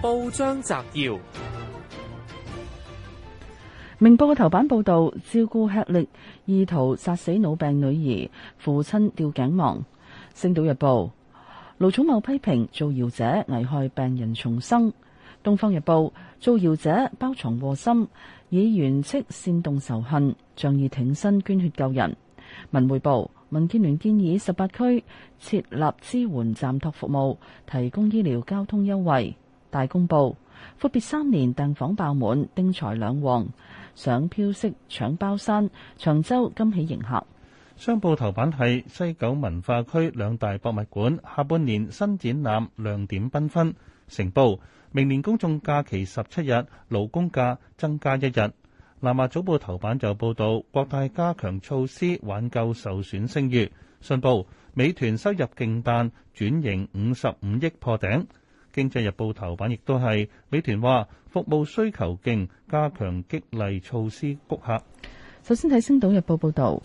報章摘要，明報嘅頭版報道照顧吃力，意圖殺死腦病女兒，父親吊頸亡。星島日報，盧楚茂批評造謠者危害病人重生。東方日報，造謠者包藏禍心，議員斥煽動仇恨，仗義挺身捐血救人。文匯報，民建聯建議十八區設立支援暫託服務，提供醫療交通優惠。大公報闊別三年，訂房爆滿，丁財兩旺；上飄色搶包山，長洲今起迎客。商報頭版係西九文化區兩大博物館下半年新展覽亮點繽紛。成報明年公眾假期十七日，勞工假增加一日。南華早報頭版就報導國大加強措施挽救受損聲譽。信報美團收入勁彈，轉型五十五億破頂。經濟日報頭版亦都係美團話服務需求勁，加強激勵措施谷客。首先睇《星島日報》報道，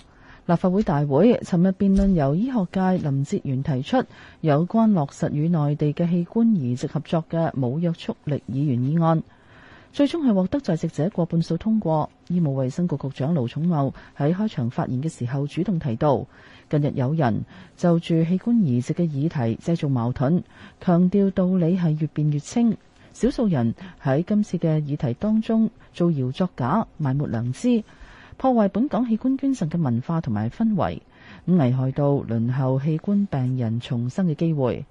立法會大會尋日辯論由醫學界林哲玄提出有關落實與內地嘅器官移植合作嘅冇約束力議員議案。最終係獲得在席者過半數通過。醫務衛生局局長盧寵茂喺開場發言嘅時候主動提到，近日有人就住器官移植嘅議題製造矛盾，強調道理係越辯越清。少數人喺今次嘅議題當中造謠作假、埋沒良知，破壞本港器官捐贈嘅文化同埋氛圍，咁危害到輪候器官病人重生嘅機會。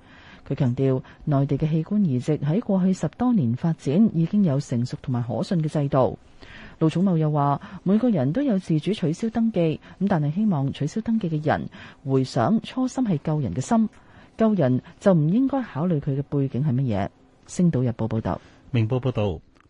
佢強調，內地嘅器官移植喺過去十多年發展已經有成熟同埋可信嘅制度。盧寵茂又話：每個人都有自主取消登記，咁但係希望取消登記嘅人回想初心係救人嘅心，救人就唔應該考慮佢嘅背景係乜嘢。《星島日報》報道。《明報》報道。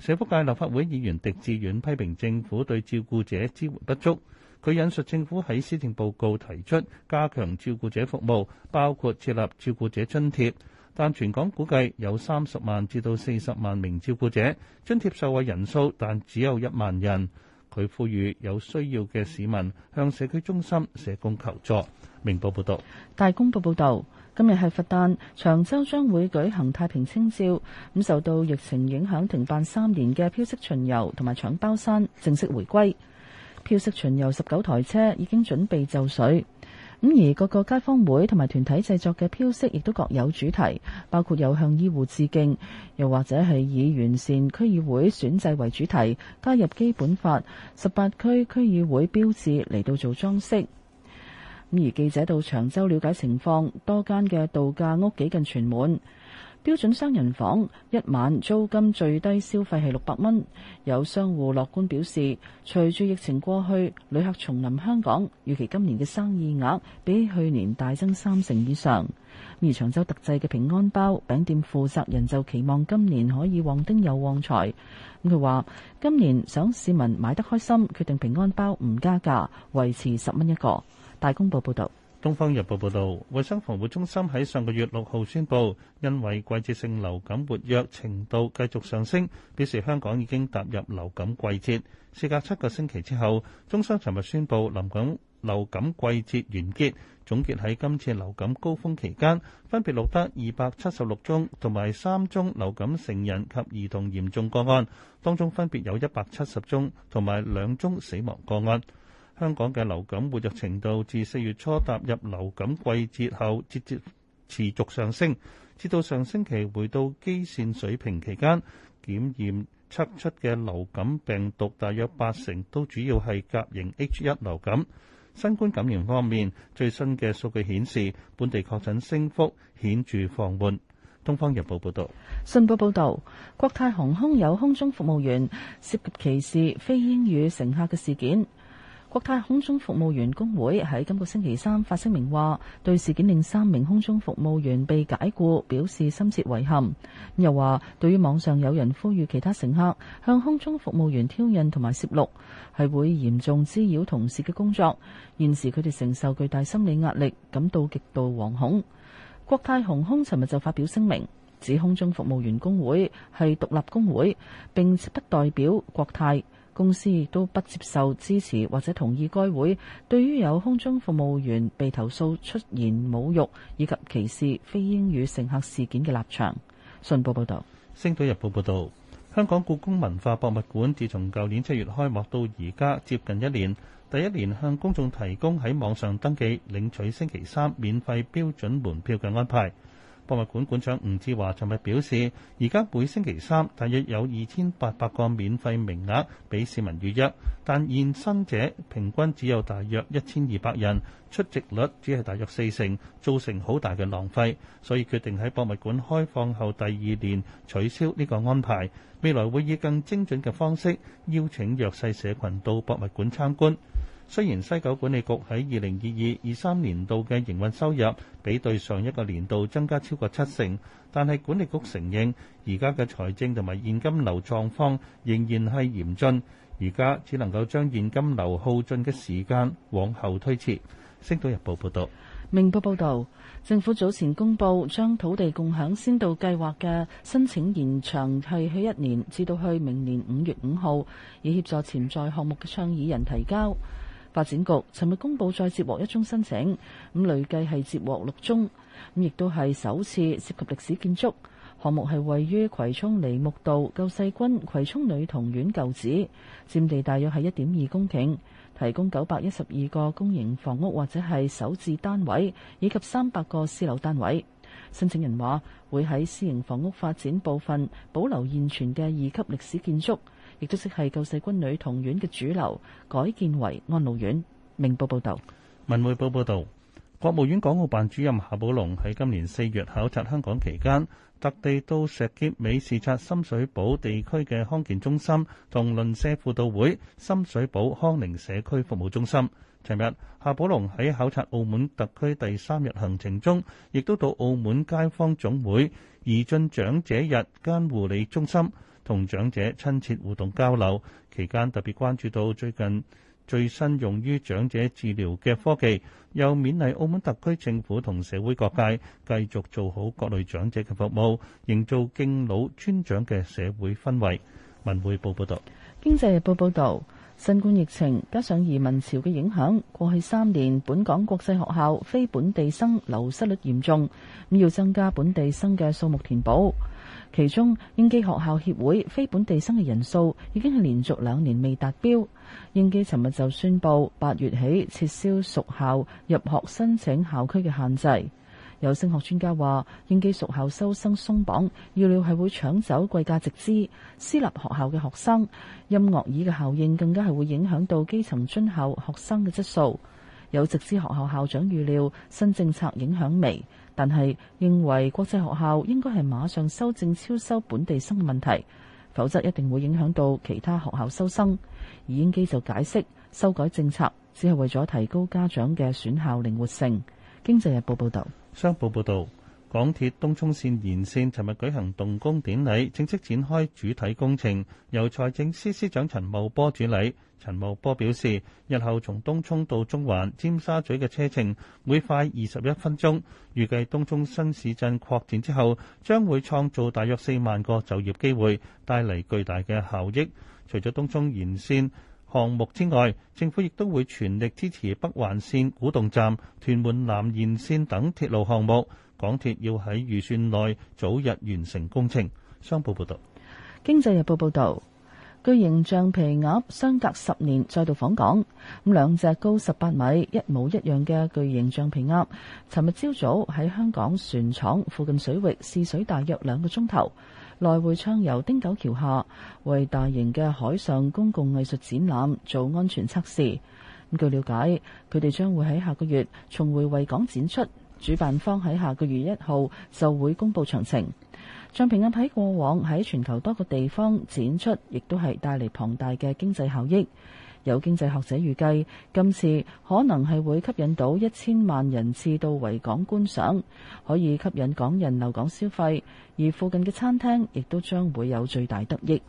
社福界立法會議員狄志遠批評政府對照顧者支援不足，佢引述政府喺施政報告提出加強照顧者服務，包括設立照顧者津貼，但全港估計有三十萬至到四十萬名照顧者，津貼受惠人數但只有一萬人。佢呼籲有需要嘅市民向社區中心社工求助。明報報道。大公報報道。今日係佛誕，長洲將會舉行太平清醮。咁受到疫情影響停辦三年嘅飄色巡遊同埋搶包山正式回歸。飄色巡遊十九台車已經準備就緒。咁而各個街坊會同埋團體製作嘅飄色亦都各有主題，包括有向醫護致敬，又或者係以完善區議會選制為主題，加入基本法、十八區區議會標誌嚟到做裝飾。咁而記者到長洲了解情況，多間嘅度假屋幾近全滿，標準雙人房一晚租金最低消費係六百蚊。有商戶樂觀表示，隨住疫情過去，旅客重臨香港，預期今年嘅生意額比去年大增三成以上。而長洲特製嘅平安包餅店負責人就期望今年可以旺丁又旺財。咁佢話：今年想市民買得開心，決定平安包唔加價，維持十蚊一個。大公報報道，東方日報報道，衛生防護中心喺上個月六號宣布，因為季節性流感活躍程度繼續上升，表示香港已經踏入流感季節。事隔七個星期之後，中心尋日宣布，流感流感季節完結。總結喺今次流感高峰期間，分別錄得二百七十六宗同埋三宗流感成人及兒童嚴重個案，當中分別有一百七十宗同埋兩宗死亡個案。香港嘅流感活躍程度，自四月初踏入流感季節後節節持續上升，直到上星期回到基線水平，期間檢驗測出嘅流感病毒大約八成都主要係甲型 H 一流感。新冠感染方面，最新嘅數據顯示，本地確診升幅顯著放緩，東方日報報道，信報報道，國泰航空有空中服務員涉及歧視非英語乘客嘅事件。國泰空中服務員工會喺今個星期三發聲明話，對事件令三名空中服務員被解雇表示深切遺憾。又話，對於網上有人呼籲其他乘客向空中服務員挑釁同埋攝錄，係會嚴重滋擾同事嘅工作。現時佢哋承受巨大心理壓力，感到極度惶恐。國泰航空尋日就發表聲明，指空中服務員工會係獨立工會，並不代表國泰。公司都不接受、支持或者同意該會對於有空中服務員被投訴出言侮辱以及歧視非英語乘客事件嘅立場。信報報道。星島日報報道，香港故宮文化博物館自從舊年七月開幕到而家接近一年，第一年向公眾提供喺網上登記領取星期三免費標準門票嘅安排。博物館館長吳志華尋日表示，而家每星期三大約有二千八百個免費名額俾市民預約，但現身者平均只有大約一千二百人，出席率只係大約四成，造成好大嘅浪費，所以決定喺博物館開放後第二年取消呢個安排。未來會以更精準嘅方式邀請弱勢社群到博物館參觀。雖然西九管理局喺二零二二二三年度嘅營運收入比對上一個年度增加超過七成，但係管理局承認而家嘅財政同埋現金流狀況仍然係嚴峻，而家只能夠將現金流耗盡嘅時間往後推遲。星島日報報道：「明報報道，政府早前公布將土地共享先導計劃嘅申請延長係去一年，至到去明年五月五號，以協助潛在項目嘅倡議人提交。」發展局尋日公布再接獲一宗申請，咁累計係接獲六宗，亦都係首次涉及歷史建築項目，係位於葵涌梨木道救世軍葵涌女童院舊址，佔地大約係一點二公頃，提供九百一十二個公營房屋或者係首置單位，以及三百個私樓單位。申請人話會喺私營房屋發展部分保留現存嘅二級歷史建築。亦都即係救世軍女童院嘅主樓改建為安老院。明報報導，文匯報報導，國務院港澳辦主任夏寶龍喺今年四月考察香港期間，特地到石硤尾視察深水埗地區嘅康健中心同鄰舍輔導會深水埗康寧社區服務中心。尋日，夏寶龍喺考察澳門特區第三日行程中，亦都到澳門街坊總會移進長者日間護理中心。同長者親切互動交流期間，特別關注到最近最新用於長者治療嘅科技，又勉勵澳門特區政府同社會各界繼續做好各類長者嘅服務，營造敬老尊長嘅社會氛圍。文匯報報道，經濟日報報道，新冠疫情加上移民潮嘅影響，過去三年本港國際學校非本地生流失率嚴重，咁要增加本地生嘅數目填補。其中英基學校協會非本地生嘅人數已經係連續兩年未達標。英基尋日就宣布八月起撤銷屬校入學申請校區嘅限制。有升學專家話，英基屬校收生鬆綁，預料係會搶走貴價直資私立學校嘅學生。音樂椅嘅效應更加係會影響到基層尊校學生嘅質素。有直資學校校長預料新政策影響微。但係認為國際學校應該係馬上修正超收本地生嘅問題，否則一定會影響到其他學校收生。而英基就解釋，修改政策只係為咗提高家長嘅選校靈活性。經濟日報報道，商報報道。港鐵東涌線延線尋日舉行動工典禮，正式展開主體工程。由財政司司長陳茂波主禮。陳茂波表示，日後從東涌到中環、尖沙咀嘅車程會快二十一分鐘。預計東涌新市鎮擴展之後，將會創造大約四萬個就業機會，帶嚟巨大嘅效益。除咗東涌延線項目之外，政府亦都會全力支持北環線古洞站、屯門南延線等鐵路項目。港鐵要喺預算內早日完成工程。商報報道：《經濟日報》報道，巨型橡皮鴨相隔十年再度訪港。咁兩隻高十八米、一模一樣嘅巨型橡皮鴨，尋日朝早喺香港船廠附近水域試水大約兩個鐘頭，來回暢遊汀九橋下，為大型嘅海上公共藝術展覽做安全測試。咁據了解，佢哋將會喺下個月重回維港展出。主辦方喺下個月一號就會公布詳情。像平安喺過往喺全球多個地方展出，亦都係帶嚟龐大嘅經濟效益。有經濟學者預計，今次可能係會吸引到一千萬人次到維港觀賞，可以吸引港人留港消費，而附近嘅餐廳亦都將會有最大得益。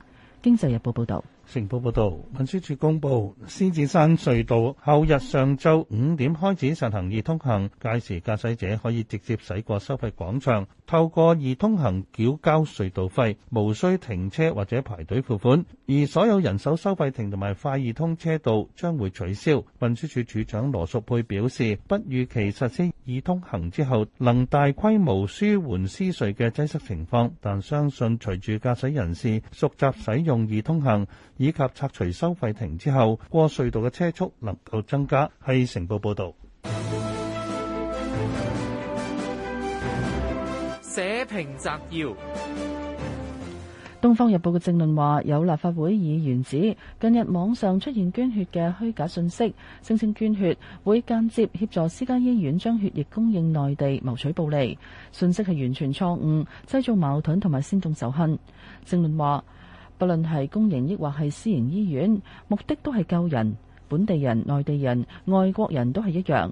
經濟日報報導。成報報道，運輸署公佈，獅子山隧道後日上晝五點開始實行易通行，屆時駕駛者可以直接駛過收費廣場，透過易通行繳交隧道費，無需停車或者排隊付款。而所有人手收費亭同埋快易通車道將會取消。運輸署署長羅淑佩表示，不預期實施易通行之後能大規模舒緩獅隧嘅擠塞情況，但相信隨住駕駛人士熟習使用易通行。以及拆除收費亭之後，過隧道嘅車速能夠增加。係成報報道。社評摘要。東方日報嘅正論話，有立法會議員指，近日網上出現捐血嘅虛假信息，聲稱捐血會間接協助私家醫院將血液供應內地謀取暴利，信息係完全錯誤，製造矛盾同埋煽動仇恨。正論話。不論係公營抑或係私營醫院，目的都係救人。本地人、內地人、外國人都係一樣。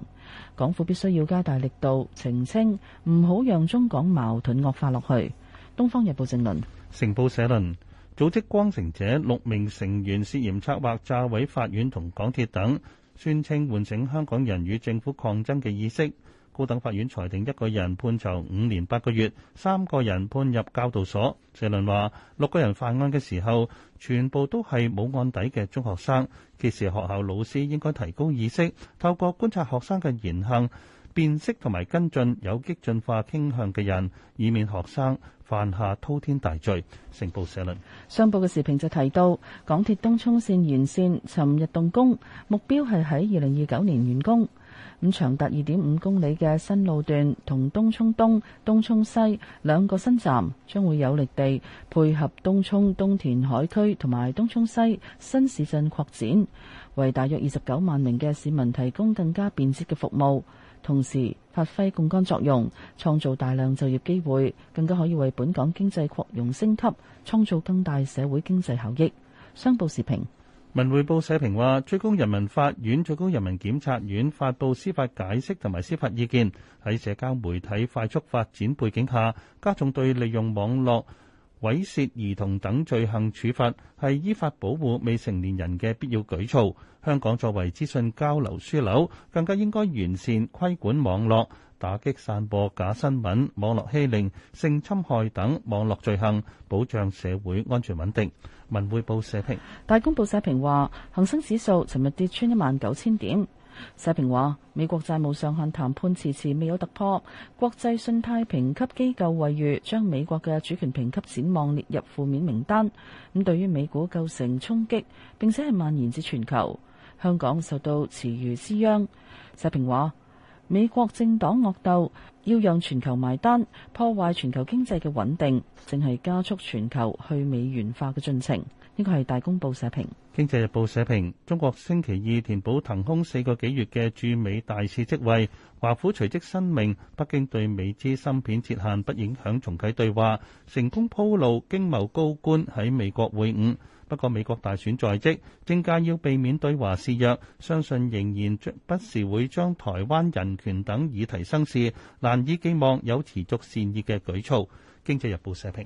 港府必須要加大力度澄清，唔好讓中港矛盾惡化落去。《東方日報》正論。《成報》社論。組織光城者六名成員涉嫌策劃炸毀法院同港鐵等，宣稱喚醒香港人與政府抗爭嘅意識。高等法院裁定一個人判囚五年八個月，三個人判入教導所。社論話六個人犯案嘅時候，全部都係冇案底嘅中學生。其實學校老師應該提高意識，透過觀察學生嘅言行，辨識同埋跟進有激進化傾向嘅人，以免學生犯下滔天大罪。成報社論。上報嘅時評就提到，港鐵東涌綫延綫尋日動工，目標係喺二零二九年完工。咁長達二點五公里嘅新路段同東涌東、東涌西兩個新站，將會有力地配合東涌東田海區同埋東涌西新市鎮擴展，為大約二十九萬名嘅市民提供更加便捷嘅服務，同時發揮槓桿作用，創造大量就業機會，更加可以為本港經濟擴容升級，創造更大社會經濟效益。商報時評。文匯報社評話：最高人民法院、最高人民檢察院發布司法解釋同埋司法意見，喺社交媒體快速發展背景下，加重對利用網絡猥褻兒童等罪行處罰，係依法保護未成年人嘅必要舉措。香港作為資訊交流樞紐，更加應該完善規管網絡，打擊散播假新聞、網絡欺凌、性侵害等網絡罪行，保障社會安全穩定。文匯報社評，大公報社評話，恒生指數尋日跌穿一萬九千點。社評話，美國債務上限談判遲遲未有突破，國際信貸評級機構惠譽將美國嘅主權評級展望列入負面名單。咁對於美股構成衝擊，並且係蔓延至全球，香港受到池魚之殃。社評話。美國政黨惡鬥，要讓全球埋單，破壞全球經濟嘅穩定，淨係加速全球去美元化嘅進程。呢個係大公報社評。經濟日報社評：中國星期二填補騰空四個幾月嘅駐美大使職位，華府隨即申明，北京對美資芯片設限不影響重啟對話，成功鋪路。經貿高官喺美國會晤，不過美國大選在即，政界要避免對華示弱，相信仍然不時會將台灣人權等議題生事，難以寄望有持續善意嘅舉措。經濟日報社評。